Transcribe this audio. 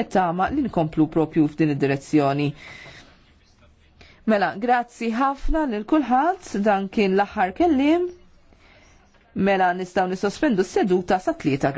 nittama li nkomplu propju f'din id-direzzjoni. Mela, grazzi ħafna lil kulħadd dan kien l-aħħar kellim. Mela nistgħu nisospendu s-seduta sa tlieta